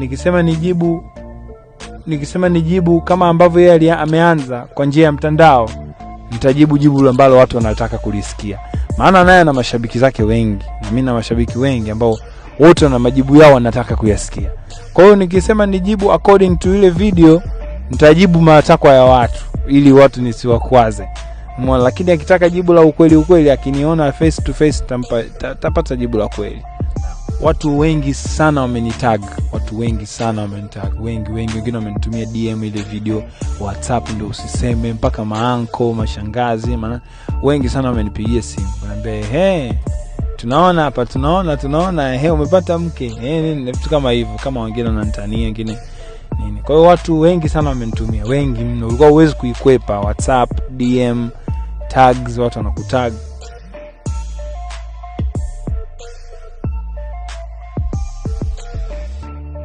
nikisema nijibu, nikisema nijibu kama ambavyo yeye ameanza kwa njia ya mtandao, nitajibu jibu ambalo watu wanataka kulisikia, maana naye ana mashabiki zake wengi na mimi na mashabiki wengi ambao wote wana majibu yao wanataka kuyasikia. Kwa hiyo nikisema nijibu according to ile video, nitajibu matakwa ya watu ili watu nisiwakwaze Mwana, lakini akitaka jibu la ukweli ukweli, akiniona face to face tapata jibu la kweli. Watu wengi sana wamenitag watu wengi sana wamenitag wengi wengi, wengine wamenitumia DM ile video, WhatsApp ndo usiseme, mpaka maanko mashangazi, maana wengi sana wamenipigia simu wanaambia hey, tunaona hapa, tunaona tunaona, ehe, umepata mke ehe, nini, vitu kama hivyo, kama wengine wanantania wengine nini. Kwa hiyo watu wengi sana wamenitumia, wengi mno, ulikuwa huwezi kuikwepa WhatsApp DM tags, watu wanakutag